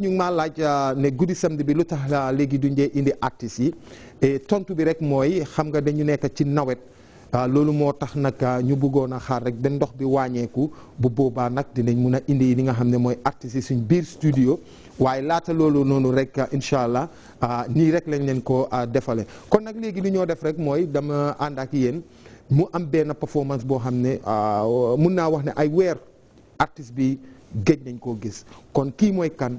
ñu ma maa laaj euh, ne guddi samedi bi lu tax euh, léegi duñ dee indi artistes yi et tontu bi rek mooy xam nga dañu nekk ci nawet euh, loolu moo tax nag ñu bëggoon a xaar rek ba ndox bi wàññeeku bu boobaa nag dinañ mun a indi li nga xam ne mooy artistes suñ biir studio waaye laata loolu noonu rek incha allah nii rek lañ leen ko defale kon nag léegi li ñoo def rek mooy dama ànd ak yéen mu am benn performance boo xam ne mun naa wax ne ay weer artiste bi géej nañ koo gis kon kii mooy kan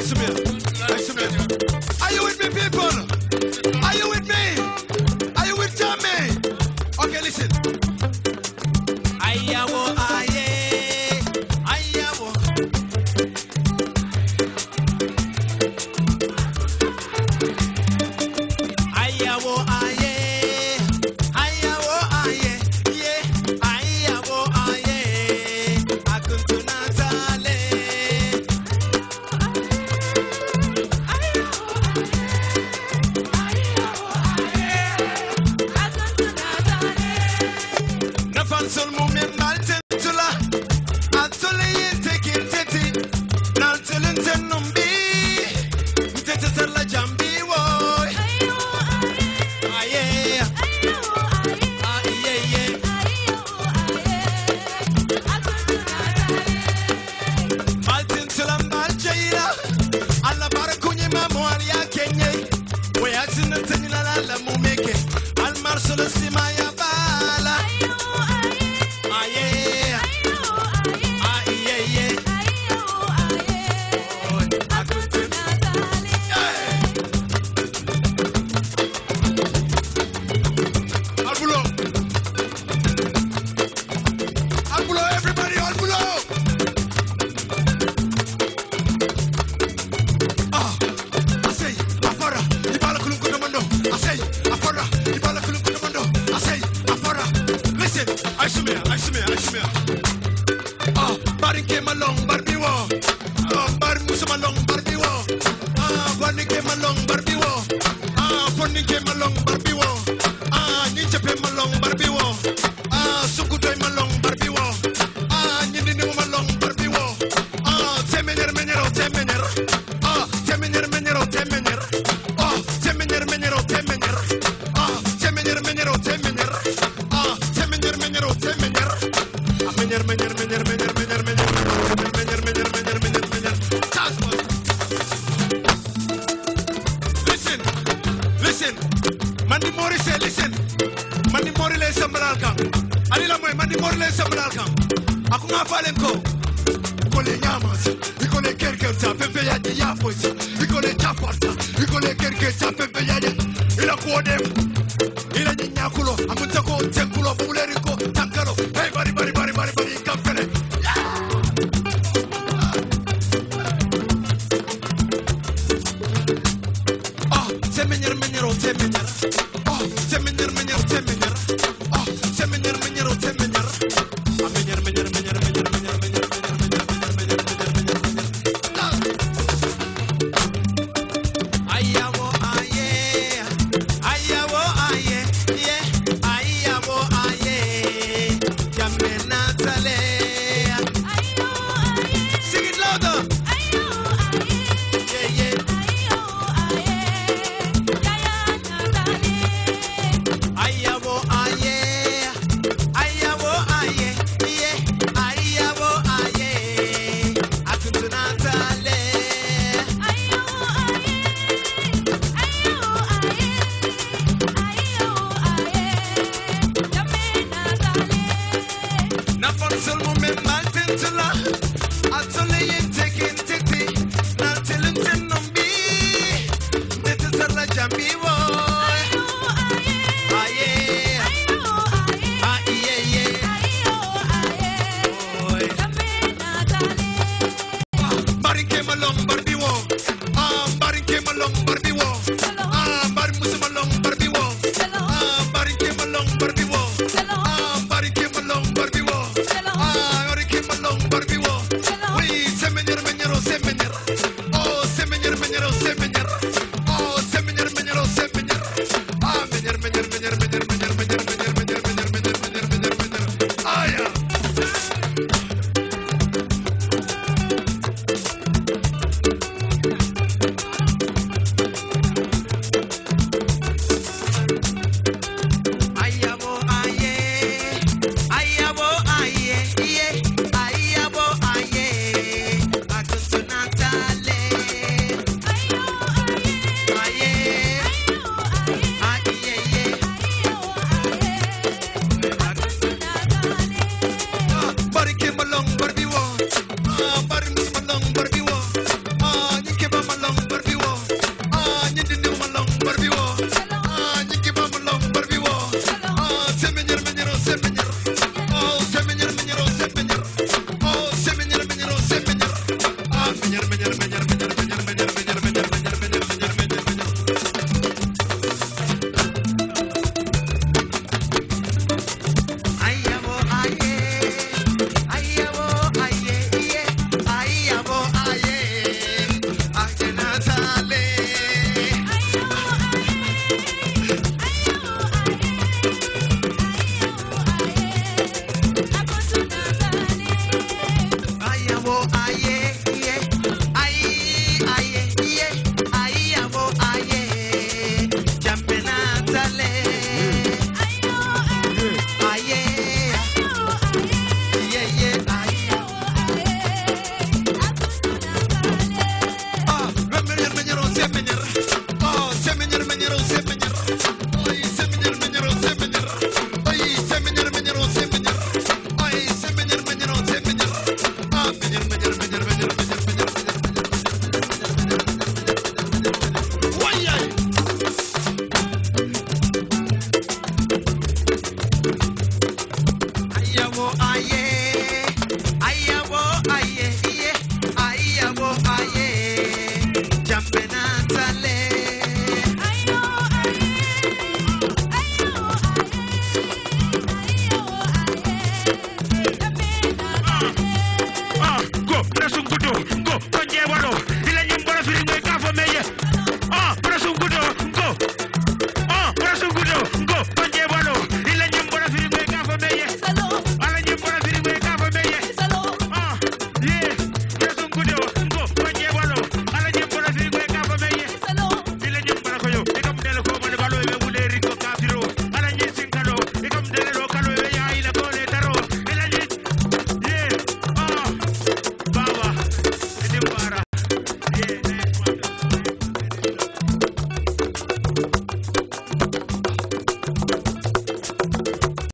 isso mesmo. pe malong barbiwo ah fon ninche malong barbiwo ah ninche pe malong barbiwo ah sukutoy malong barbiwo ah nyindini mo malong barbiwo ah semenyer menyero semenyer ah semenyer menyero semenyer ah semenyer menyero le sembalal kan ani la moy mandi mor le sembalal kan a nga falen ko ko le nyamas ko le kerker sa fe fe ya di ko le chaparta ko le kerker sa fe fe ya di ila ko dem ila ni nyakulo amunta ko tekulo bule